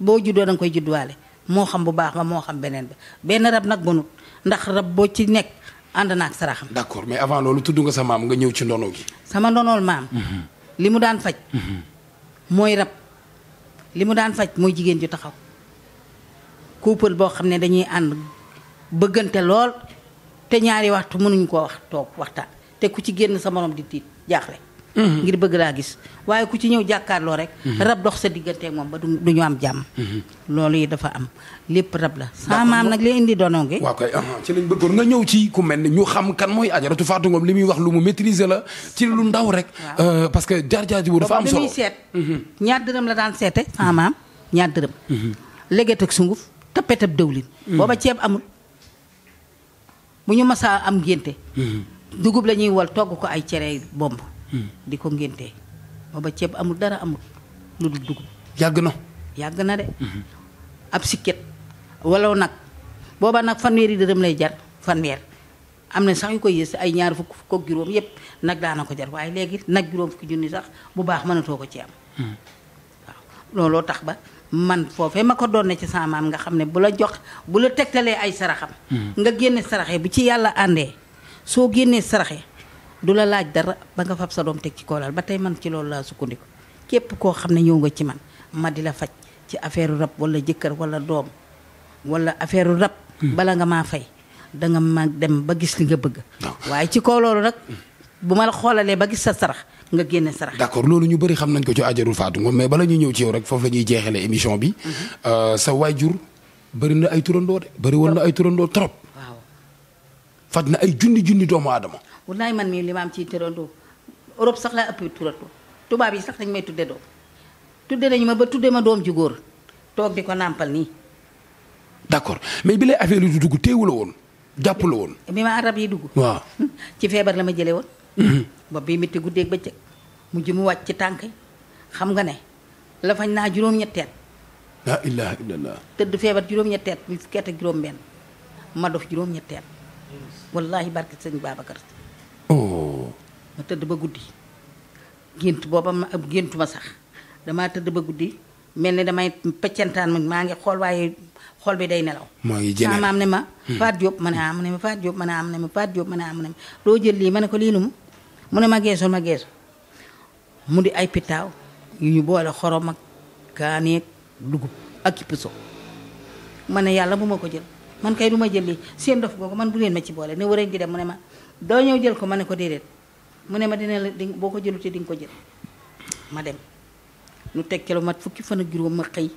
boo juddoo da nga koy judduwaale moo xam bu baax nga moo xam beneen ba benn rab nag bonut ndax rab boo ci nekk ànd na naak saraxam d'accord mais avant loolu tudd nga sa maam nga ñëw ci ndono gi sama ndonool maam mhm. li mu daan faj mhm. mooy rab li mu daan faj mooy jigéen ju taxaw couple boo xam ne dañuy ànd bëggante lool te ñaari waxtu mënuñu ko wax toog waxtaan te ku ci génn sa morom di tiit jaaxle Mm-hmm. ngir bëgg laa gis waaye ku ci ñëw jàkkaarloo rek mm-hmm. rab dox sa digganteeg moom ba du ñu am jàmm mm-hmm. loolu yi dafa am lépp rab la sa nag lee indi doono ngi waaw kay ci lañ bëggoon nga ñëw ci ku mel ne ñu xam kan mooy ajaratu Fatou Ngom li muy wax lu mu maîtriser la ci lu ndaw rek euh, parce que jaar-jaar ji bu dafa am solo muy seet ñaar dërëm la daan seete sa maam ñaar dërëm léget ak sunguf tappetab dëwlin booba ceeb amul bu ñu masaa am ngénte dugub la ñuy wal togg ko ay cere bomb di ko ngénte booba ceeb amul dara amul lu dul dugub yàgg na yàgg na de mhm. ab sikket walaw nag booba nag fanweeri dërëm lay jar fanweer am na sax yu koy yées ay ñaar fukk fukk ak juróom yépp nag daana ko jar waaye léegi nag juróom fukki junni sax bu baax mënatoo ko ci am mhm. looloo tax ba man foofee ma ko doon ne ci sama nga xam ne bu la jox bu la tegtalee ay saraxam mhm. nga génne saraxe bu ci yàlla àndee soo génnee saraxe du la laaj dara ba nga fab sa doom teg ci koolal ba tey man ci loolu laa sukkandiku képp koo xam ne ñëw nga ci man ma di la faj ci affaire rab wala jëkkër walla doom wala affaire rab. Hmm. bala nga maa fay danga nga ma dem ba gis li nga bëgg. waaye ci kaw loolu nag bu ma la xoolalee ba gis sa sarax nga génne sarax. d'accord loolu ñu bëri xam nañ ko ci ajarul faatu moom mais bala ñuy ñëw ci yow rek foofu la ñuy jeexalee émission bi. Hmm. Euh, sa waajur bari na ay turandoo de. bëri ay turandoo trop. faj na ay junni junni doomu aadama. wallaay man mii li ma am ciy tërandoo Europe sax laa ëpp turatoo tubaab yi sax dañ may tudde doom tudde nañu ma ba tudde ma doom ji toog di ko nàmpal nii. d'accord mais bi lay affaire yi dugg teewu la woon jàpp la woon. bi ma arab yi dugg. waaw ci feebar la ma jëlee woon. Mhm. bopp bi métti guddeeg bëccëg mujj mu wàcc ci tànk xam nga ne la naa juróom-ñetteet. laa tëdd feebar juróom-ñetteet bi fukkeet ak juróom-benn ma dof juróom-ñetteet. wallaahi barke sëñ ma tëdd ba guddi gént booba ma ab géntu ma sax damaa tëdd ba guddi mel ni damay peccentaan ma maa ngi xool waaye xool bi day nelaw. mooy ngi jëlee maam ne ma. Faat ma ne ah ma ne ma Faat Diop ma ma ne ma Faat Diop ma ne ah jël lii ma ne ko lii nu mu ne ma geesul ma geesul mu di ay pitaaw yu ñu boole xorom ak kaaneeg dugub ak piso ma ne yàlla bu ma ko jël man kay du ma jël lii seen dof googu man bu leen ma ci boole ne war a ji dem mu ne ma. doo ñëw jël ko ma ne ko déedéet mu ne ma dina la di boo ko jëlutee di nga ko jël ma dem nu teg ci lu mat fukki fan ak juróom ma xëy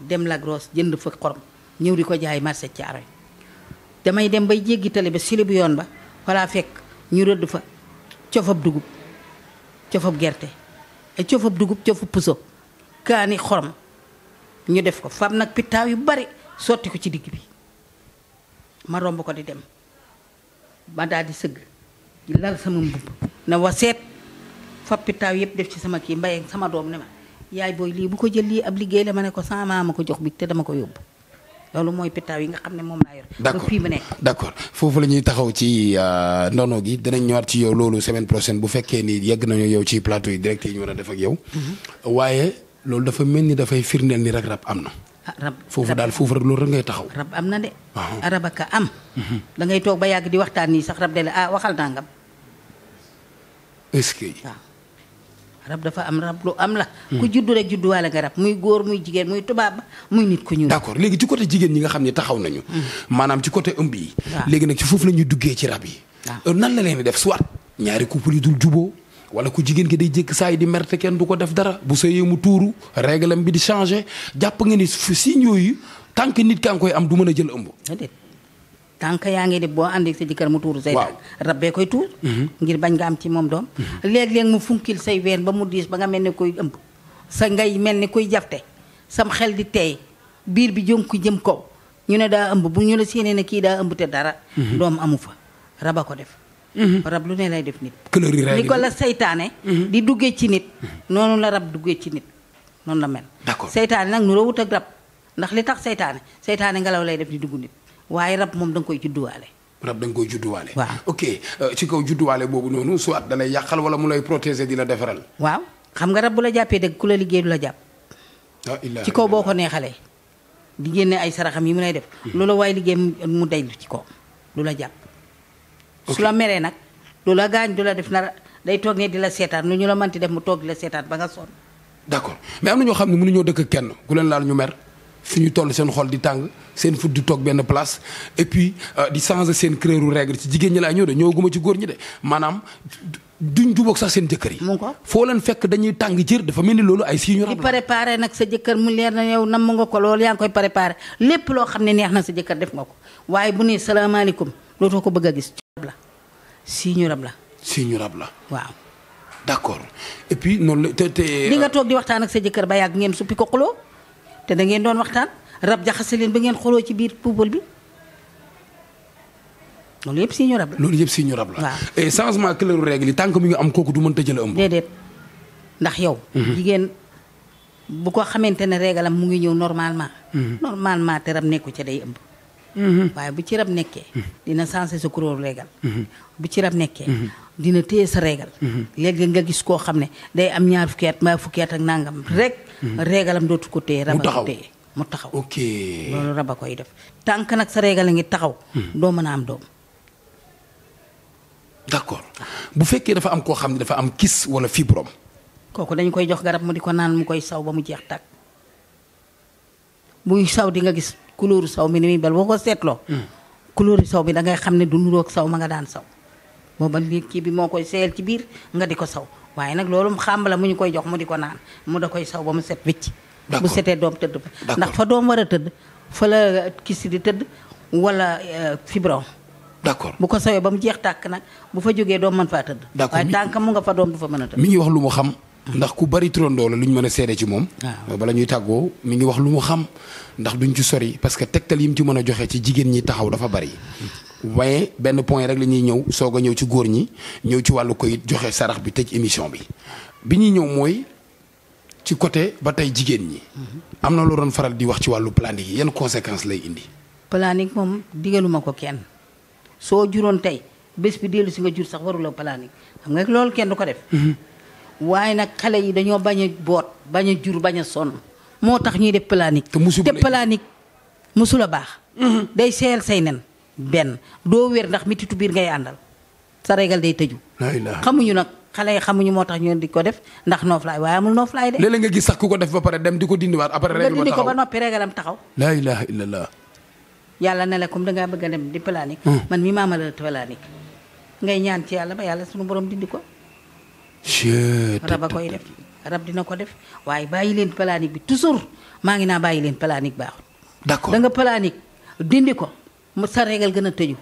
dem la grosse jënd fa xorom ñëw di ko jaay marché ci aroy damay dem bay jéggi tali ba sili yoon ba walla fekk ñu rëdd fa cofab dugub cofab gerte ay cofab dugub cofab puso kaani xorom ñu def ko fam nag pittaaw yu bari sotti ko ci digg bi ma romb ko di dem ba daal di sëgg di lal sama mbubb na waseet foppitaaw yëpp def ci sama kii mbay sama doom ne ma yaay booy lii bu ko jël lii ab liggéey la ma ne ko sama maa ma ko jox bi te dama ko yóbbu loolu mooy pétaaw yi nga xam ne moom laa yor. ba fii ma ne d' accord foofu la ñuy taxaw ci euh, ndono gi dinañ ñëwaat ci yow loolu semaine prochaine bu fekkee ni yegg nañu yow ci plateau yi direct yi ñu war a def yow. Mhm. waaye loolu dafa mel ni dafay firndeel ni rek rab am na. Ah, rab foofu daal foofu rek loolu rek ngay taxaw. rab am na de. rab ak am. Mhm. dangay ngay toog ba yàgg di waxtaan nii sax rab de la ah waxal nangam. est-ce que. waaw rab dafa am rab lu am la. Hmm. ku juddu rek judduwaale nga rab muy góor muy jigéen muy tubaab muy nit ko ñuul. d'accord léegi ci côté jigéen ñi nga xam ne taxaw nañu. Hmm. maanaam ci côté ëmb yi. léegi nag ci foofu la ñuy duggee ci rab yi. Euh, nan la leen def soit ñaari couple yi juboo wala ku jigéen ki day jékk saa yi di merte kenn du ko def dara bu sëyee mu tuuru réglam bi di changé jàpp nga ni signes yooyu tant que nit kaa ngi koy am du mën a jël ëmb. tant yaa ngi def boo ànd ak sa jëkkër mu tuuru say daal rab bee koy tuur mhm. ngir bañ nga am ci moom doom mhm. léeg-léeg mu funkil say ween ba mu diis ba nga mel ne koy ëmb sa ngay mel ni koy jafte sam xel di teey biir bi jonk jëm kaw ñu ne daa ëmb bu ñu la séenee ne kii daa ëmb te dara mhm. doom amu fa raba ko def Mm-hmm. rab lu ne lay def nit. ni ko la seytaane. Mm-hmm. di duggee ci nit. Mm-hmm. noonu la rab duggee ci nit noonu la mel. d'accord seytaane nag nuroo wut ak rab ndax li tax seytaane seytaane ngelaw lay def di dugg nit waaye rab moom da koy judduwaale. rab da koy judduwaale. waaw ok euh, ci kow judduwaale boobu noonu su da lay yàqal wala mu lay protéger di la defaral. waaw xam nga rab bu la jàppee dëgg ku la liggéey du la jàpp. ci kaw boo ko neexalee. di génne ay saraxam yi mu lay def. loola waaye liggéey mu day lu ci kaw lu la jàpp. su la meree nag lu la gaañ du la def nara day toog ne di la seetaan lu ñu la mënti def mu toog di la seetaan ba nga sonn. d' accord mais am na ñoo xam ne mënuñoo dëkk kenn ku leen laal ñu mer fi ñu toll seen xol di tàng seen fut di toog benn place et puis euh, di changer seen créeru règle si jigéen ñi laa ñëw de ñëw guma ci góor ñi de maanaam duñ jubóog sax seen jëkkër yi. mu ko foo leen fekk dañuy tàng jër dafa mel ni loolu ay si ñu rab. di préparé nag sa jëkkër mu leer na yow nam nga ko loolu yaa ngi koy lépp loo xam ne neex na sa jëkkër def nga ko waaye bu ne salaamaaleykum dootoo ko bëgg a gis. si ñu rab la. si ñu rab la. waaw. d' accord et noonu la te te. di nga toog di waxtaan ak sa jëkkër ba yàgg ngeen suppi ko xuloo te da ngeen doon waxtaan rab jaxase leen ba ngeen xuloo ci biir poubelle bi. loolu yëpp si ñu rab la loolu yëpp si ñu rab la. waaw changement couleur règle yi tant que ngi am kooku du mënta jël ëmb. déedéet ndax yow. Mhm. jigéen bu ko xamante ne règle mu ngi ñëw normalement. Mhm. normalement te rab nekku ca day ëmb. Mm-hmm. waaye bu ci rab nekkee mm-hmm. dina sensé sa kuróor régal mm-hmm. bu ci rab nekkee dina téye sa régal léegi nga gis koo xam ne day am ñaar fukki at mbaa fukki at ak nangam rek régalam dootu ko téye raba ko téye mu taxaw ok loolu raba koy def tànk nag sa régal a ngi taxaw doo mën a am doom d'accord bu fekkee dafa am koo xam ne dafa am kis wala fibrome kooku dañ koy jox garab mu di ko naan mu koy saw ba mu jeex tàkk buy saw di nga gis couleur saw mi ni muy mel boo ko seetloo. Hmm. couleur saw bi da ngay xam ne du nuroog saw ma nga daan saw. booba li kii bi moo koy seeyal ci biir nga di ko saw waaye nag loolu xam mu ñu koy jox mu di ko naan mu da koy saw ba mu set wicc bu setee doom tëdd ba ndax fa doom war a tëdd fa la kisi di tëdd wala euh, fibro d'accord bu ko sawee ba mu jeex tàkk nag bu fa jógee doom man faa tëdd waaye tànk mu nga fa doom du fa mën a tëdd mi ngi wax lu mu xam ndax ku bari turandoo la lu ñu mën a seede ci moom. Ah. bala ñuy tàggoo mi ngi wax lu mu xam ndax duñ ci sori parce que tegtal yi mu ci mën a joxe ci jigéen ñi taxaw dafa bari. waaye benn point rek la ñuy ñëw soog a ñëw ci góor ñi ñëw ci wàllu koy joxe sarax bi tëj émission bi bi ñuy ñëw mooy ci côté ba tey jigéen ñi. Mhm. am na lu doon faral di wax ci wàllu planning yi yan conséquences lay indi. planning moom digaluma ko kenn soo juroon tey bés bi dellu si nga jur sax waruloo planning ko waaye nag xale yi dañoo bañ a boot bañ a jur bañ a sonn moo tax ñuy def planique te planique mësula baax mm-hmm. day seeyal say nen benn doo wér ndax mititu biir ngay àndal sa régal day tëju xamuñu nag xale yi xamuñu moo tax ñu di ko def ndax nooflaay waaye amul nooflaay de léeg-léeg nga gis sax ku ko def ba pare dem di ko dindiwaat après régal dindi ko ba taxaw laa ilaha illallah yàlla ne la comme dangaa bëgg dem di planique mm. man mi maamala planique ngay ñaan ci yàlla ba borom dindi ko rab a koy def rab dina ko def waaye bàyyi leen planique bi toujours maa ngi naa bàyyi leen planique baaxul. d'accord da nga planique dindi ko sa régal gën a tëju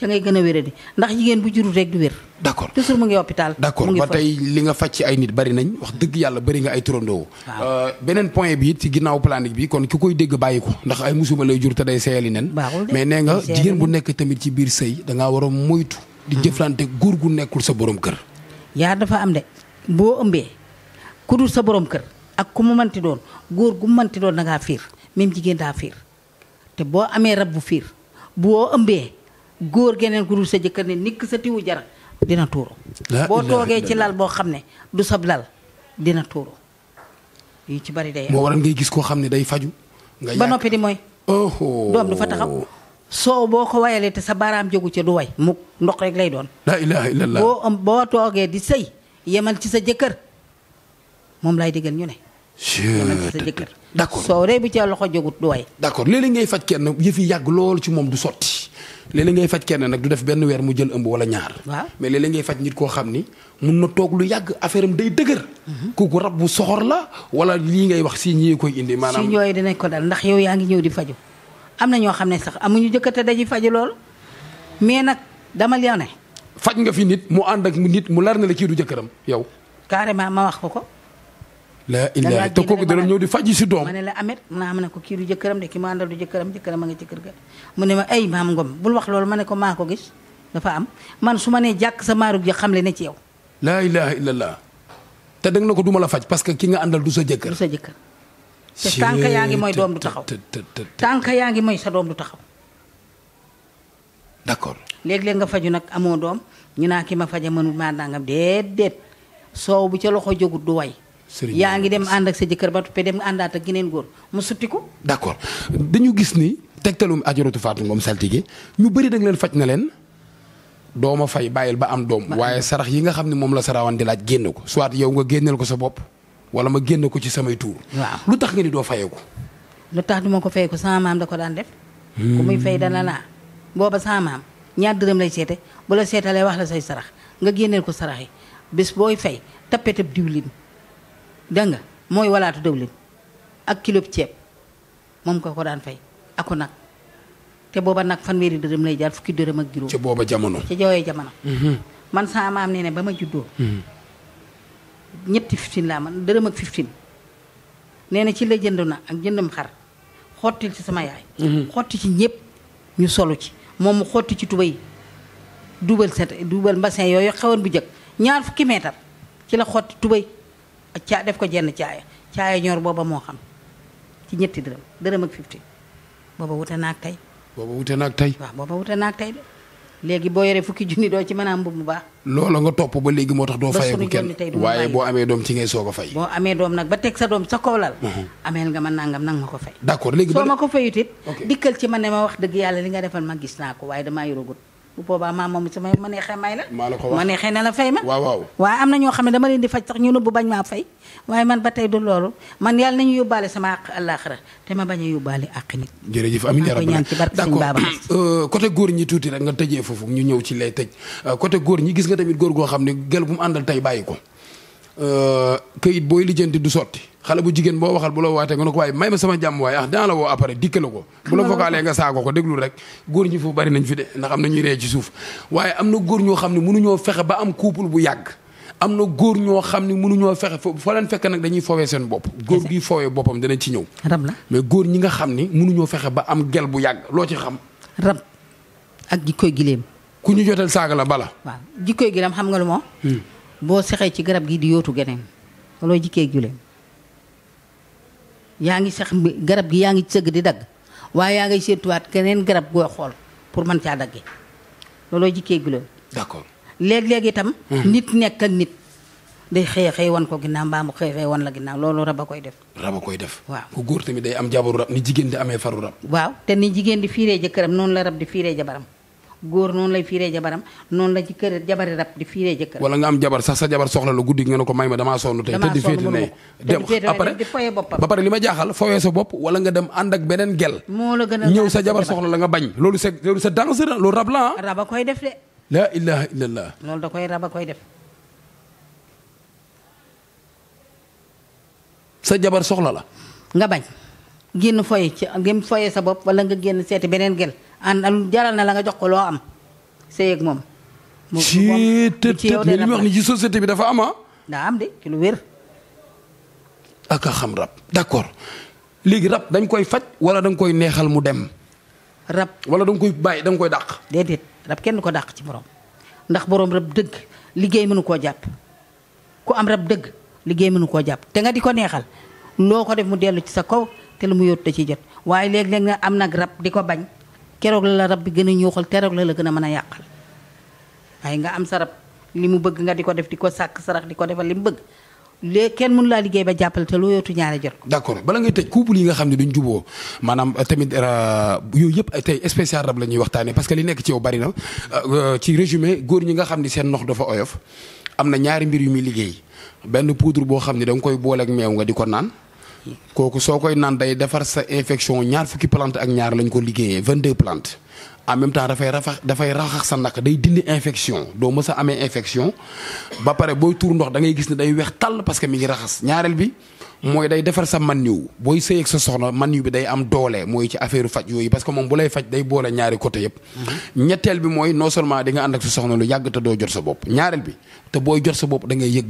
ca ngay gën a wéradi ndax jigéen bu jurul rek du wér. d'accord toujours mu ngi hôpital. d'accord ba tey li nga faj ci ay nit bari nañ wax dëgg yàlla bari nga ay turandoo. waaw euh, beneen point bi ci ginnaaw planique bi kon ki koy dégg bàyyi ko ndax ay musuma lay jur te day seeyali nen. mais nee nga jigéen bu nekk tamit ci biir sëy da war a moytu. di jëflante góor gu nekkul sa borom kër. yaa dafa am de boo ëmbee ku sa boroom kër ak ku mu manti doon góor gu manti doon dangaa fiir même jigéen daa fiir te boo amee rab bu fiir boo ëmbee góor geneen ku sa jëkkër ne nikk sa tiwu jara dina tuuru boo toogee ci lal boo xam ne du sab lal dina tuuru yu ci bari day moo waral ngay gis koo xam ne day faju ba noppi di mooy doom du fa taxaw soow boo ko wayalee te sa baaraam jógu ci du way mu ndox rek lay doon. la ilaha boo am boo toogee di sëy yemal ci sa jëkkër moom laay digal ñu ne. yemal ci sa jëkkër. d' accord soow rek loxo jógut du way. d' accord léeg ngay faj kenn yëf yi yàgg lool ci moom du sotti léeg-léeg ngay faj kenn nag du def benn weer mu jël ëmb wala ñaar. waaw mais léeg-léeg ngay faj nit koo xam ni mun na toog lu yàgg affaire am day dëgër. Mhm. kooku rab bu soxor la wala lii ngay wax si ñii koy indi. maanaam si ñooy dinañ ko dal ndax yow yaa ngi ñëw di faju am na ñoo xam ne sax amuñu jëkkër te dañuy faj loolu mais nag dama leen ne. faj nga fi nit mu ànd ak nit mu lar na la kii du jëkkëram yow. carrément ma wax ko ko. la illaahi te kooku dara ñëw di faj si doom. ma ne la Ameth ma ne ko kii du jëkkëram de ki mu àndal du jëkkëram a nga ci kër ga. mu ne ma ay maam Ngom bul wax loolu ma ne ko maa ko gis dafa am man su ma nee jàkk sa maarug ji xam ne ci yow. la illaahi illallah. te dégg na ko duma ma la faj que ki nga àndal du sa jëkkër. sa jëkkër. te tànk yaa ngi mooy doom du taxaw tànk yaa ngi mooy sa doom du taxaw. d'accord léeg-léeg nga faju nag amoo doom ñu naa ki ma faj faje mënul maa nangam déedéet soow bu ca loxo jógut du way. yaa ngi dem ànd ak sa jëkkër ba tuppe dem àndaat ak geneen góor mu sutti ko. d'accord dañu gis ni tegtalum ajaratu Fatou Ngom saltige ñu bëri da leen faj na leen. dooma fay bàyyil ba am doom. waaye sarax yi nga xam ne moom la sarawaan di laaj génn ko soit yow nga génneel ko sa bopp. wala ma génne ko ci samay tuur. waaw lu tax nga ni doo fayeeku. lu tax du ma ko fayeeku sama maam da ko daan def. ku muy fay dana laa booba sama maam ñaar dërëm lay seete bu la seetalee wax la say sarax nga génneel ko sarax yi bis booy fay tappetab diwlin dégg nga mooy walaatu diwlin ak kilo ceeb moom ko ko daan fay aku nag te booba nag fanweeri dërëm lay jaar fukki dërëm ak juróom. ci booba jamono ci jooyee jamono. Mhm. man sama maam nee ne ba ma juddoo. Mhm. ñetti fiftin laa man dërëm ak fiftin nee na ci la jënd na ak jëndam xar xottil ci sama yaay mhm. xotti ci ñëpp ñu solu ci moom mu xotti ci tubay duubal set duubal mbasin yooyu xewoon bu jëkk ñaar fukki meetar ci la xotti tubay ak caa def ko jenn caaya caaya ñor booba moo xam ci ñetti dërëm dërëm ak fiftin booba wute naag tey booba wute naag tey waaw booba wute naag tey léegi boo yore fukki junni doo ci mën a am mbubb mu baax. loola nga topp ba léegi moo tax doo. fayee ko kenn waaye boo amee doom ci ngay soog a fay. boo amee doom nag ba teg sa doom sa kaw lal. Uh-huh. ameel nga ma nangam nang ma ko fay. d'accord léegi soo ma ko fayut it. dikkal ci man ne ma wax dëgg yàlla li nga defal ma gis naa ko waaye damaa yoragut. bu boobaa maa moom su ma ma neexee may la. maa la ko wax ma neexee ne la fay ma. waaw waaw waaye am na ñoo xam ne dama leen di faj sax ñu nëbbu bañ maa fay waaye man ba tey du loolu man yàlla nañu yóbbaale sama àq rek te ma bañ a yóbbaale àq nit. jërëjëf amiin yaa rabbal d'accord euh, côté góor ñi tuuti rek nga tëjee foofu ñu ñëw ci lay tëj euh, côté góor ñi gis nga tamit góor goo xam ne gel bu mu àndal tey bàyyi ko Euh, këyit booy lijjanti du sotti xale bu jigéen boo waxal bu la waatee nga ne ko waaye may ma sama jàmm waaye ah daan la woo après dikke ko bu la vocaalee nga saago ko déglu rek góor ñi fu bari nañ fi de ndax am na ñuy ci suuf waaye am na góor ñoo xam ne mënuñoo fexe ba am couple bu yàgg am na góor ñoo xam ne mënuñoo fexe fa leen fekk nag dañuy foowee seen bopp góor gi foowee boppam danañ ci ñëw rab la mais góor ñi nga xam ni mënuñoo fexe ba am gel bu yàgg loo ci xam rab ak jikkoy gileem ku ñu jotal saaga la bala waaw gileem xam nga lu moo hmm. boo sexee ci garab gi di yootu geneen looloo jikkee juleem yaa ngi sax garab gi yaa ngi sëgg di dagg waaye yaa ngay seetuwaat keneen garab goo xool pour mën caa dagge looloo jikkee juleem d'accord léeg-léeg tam hmm. nit nekk ak nit day xëye xëy wan ko ginnaaw mbaa mu xëye xëy wan la ginnaaw loolu rab a koy def rab a koy def waaw ku góor tamit day am jabaru rab ni jigéen di amee faru rab waaw te ni jigéen di fiiree jëkkëram noonu la rab di fiiree jabaram góor noonu lay fiiree jabaram noonu la ci kër jabari rab di fiiree jëkkër wala nga am jabar sax sa jabar soxla la guddi nga ko may ma damaa sonn tey tëdd féete ne dem après di ba pare li ma jaaxal foyee sa bopp wala nga dem ànd ak beneen gel moo la gën a ñëw sa jabar soxla la nga bañ loolu c'est loolu c'est dangereux loolu rab la ah. rab a koy def de laa ilaha da koy rab koy def jabar soxla la nga bañ génn foye ci génn foye sa bopp wala nga génn seeti beneen gel ànd um, jaral na la nga jox ko loo am sëyeeg moom. mu ci yow de bi dafa am ah. daa am de ci lu wér. ak a xam rab d'accord léegi rab dañ koy faj wala dañ koy neexal mu dem. rab wala danga koy bàyyi danga koy dàq. déedéet rab kenn ko dàq ci borom ndax borom rab dëgg liggéey mënu koo jàpp ku am rab dëgg liggéey mënu koo jàpp te nga di ko neexal loo ko def mu dellu ci sa kaw te lu mu yóot ci jot waaye léeg-léeg nga am nag rab di ko bañ keroog la la rab bi gën a ñuuxal keroog la la gën a mën a yàqal waaye nga am sa rab li mu bëgg nga di ko def di ko sàkk sarax di ko defal li mu bëgg léegi kenn mënu laa liggéey ba jàppale te loo yootu ñaare jot ko. d' bala ngay tëj couple yi nga xam ne duñ juboo manaam euh, tamit euh, yooyu yëpp tey spécial rab la ñuy waxtaanee parce que li nekk ci yow bari na euh, ci résumé góor ñi nga xam ni seen nox dafa oyof am na ñaari mbir yu muy liggéey benn poudre boo xam ne da nga koy boole ak di ko naan kooku soo koy naan day defar sa infection ñaar fukki plante ak ñaar lañ ko liggéeyee 22 plantes en même temps dafay rafax dafay raxax sa naq day dindi infection doo mës a amee infection ba pare booy tur ndox dangay gis ne day weex tàll parce que mi ngi raxas ñaareel bi. mooy day defar sa man maniw booy sëy ak sa soxna maniw bi day am doole mooy ci affaire faj yooyu parce que moom bu lay faj day boole ñaari côté yëpp. Mhm. ñetteel bi mooy non seulement di nga ànd ak sa soxna lu yàgg te sa bopp ñaareel bi te booy jot sa bopp da ngay yëg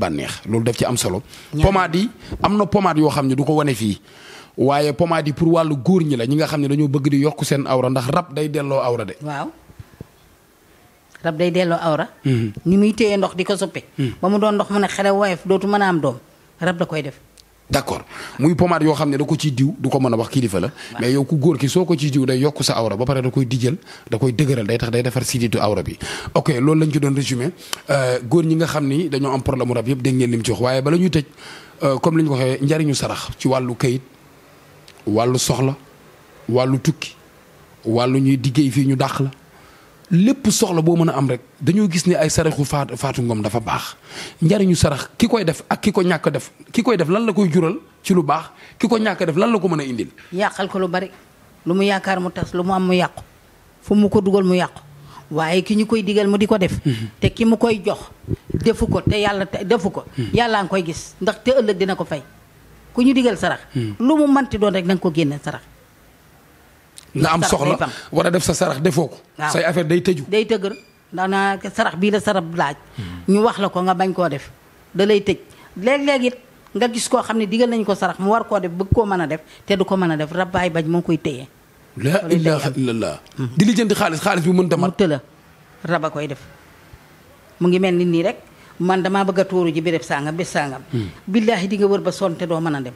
loolu daf ci am solo. pomade yi am na pomade yoo xam ne du ko wane fii. waaye pomade yi pour wàllu góor ñi la ñi nga xam ne dañoo bëgg di yokk seen awra ndax rab day delloo awra de. waaw rab day delloo awra. Mhm. ni muy téye ndox di ko soppi. Mhm. ba mu doon ndox mu ne xale woyof dootu mën a am doom rab koy def d' accord muy pommade yoo xam ne da ko ciy diw du ko mën a wax kilifa la mais yow ku góor ki soo ko ciy diw day yokk sa awra ba pare da koy dijjal da koy dëgëral day tax day defar siditu awra bi ok loolu lañ ci doon résumé euh, góor ñi nga xam ni dañoo am problème rab yëpp dégg ngeen lim ci wax waaye bala ñuy tëj euh, comme li ñu ko waxee njariñu sarax ci wàllu kayit wàllu soxla wàllu tukki wàllu ñuy diggéey fii ñu dàq la lépp soxla boo mën a am rek dañoo gis ne ay saraxu faatu faatu ngoom dafa baax njariñu sarax ki koy def ak ki ko ñàkk def ki koy def lan la koy jural ci lu baax ki ko ñàkk def lan la ko mën a indil. yàqal ko lu bari lu mu yaakaar mu tas lu mu am mu yàqu fu mu ko dugal mu yàqu waaye ki ñu koy digal mu di ko def. Mhm. te ki mu koy jox defu ko te yàlla defu ko. Mhm. yàllaa nga koy gis ndax te ëllëg dina ko fay ku ñu digal sarax. Mhm. lu mu manti doon rek na ko génne sarax. nga am soxla war a def sa sarax defoo ko. say affaire day tëju. day tëgër ndax naa sarax bii la sarax laaj. ñu wax la ko nga bañ koo def da lay tëj léeg-léeg nga gis koo xam ne digal nañ ko sarax mu war koo def bëgg koo mën a def te du ko mën a def rabbaay bañ moo koy téye. la ilaha illallah hmm. di lijjanti xaalis xaalis bi mënut a mat. mu tëla raba koy def mu ngi mel ni nii rek man damaa bëgg a tuuru ji béréb sangam bés sangam. Hmm. billaahi di nga wër ba sonn te doo mën a dem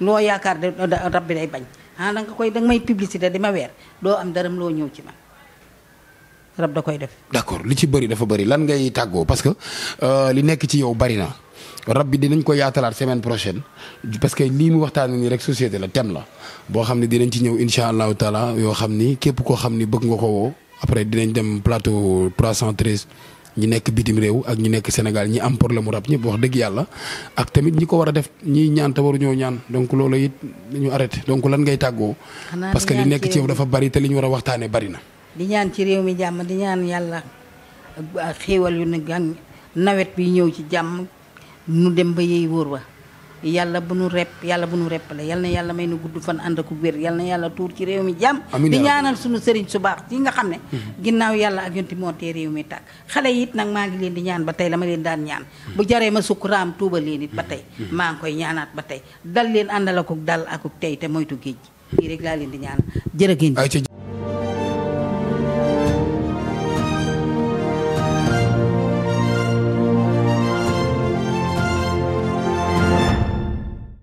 loo yaakaar de rab bi day bañ. ah da nga koy da nga may publicité di ma weer doo am dara loo ñëw ci man rab da koy def. d'accord li ci bëri dafa bëri lan ngay tàggoo parce que euh, li nekk ci yow bari na rab bi dinañ ko yaatalaat semaine prochaine parce que lii mu waxtaan nii rek société la thème la boo xam ne dinañ ci ñëw incha allahu taala yoo xam ni képp koo xam ni bëgg nga ko woo après dinañ dem plateau 313. ñi nekk bitim réew ak ñi nekk Sénégal ñi am pour problème mu rab ñëpp wax dëgg yàlla ak tamit ñi ko war a def ñiy ñaan te waru ñoo ñaan donc loolu it ñu arrêté donc lan ngay tàggoo. parce que li nekk ci yow dafa bari te li ñu war a waxtaanee bari na. di ñaan ci réew mi jàmm di ñaan yàlla xéewal yu ne gan nawet bi ñëw ci jàmm nu dem ba yey wóor wa yàlla bu nu rep yàlla bu nu reppale yal na yàlla may nu gudd fan ànd ak wér yàlla tuur ci réew mi jàmm di ñaanal suñu sëriñ su baax yi nga xam ne mhm. ginnaaw yàlla ak yonti montee réew mi tàkk xale yi nag maa ngi leen di ñaan ba tey la ma leen daan ñaan bu mhm. jaree ma sukk raam tuuba leen ba mhm. tey maa ngi koy ñaanaat ba tey dal leen àndal akuk dal akuk tey te moytu géej gi lii rek laa leen di ñaan jërë ngeen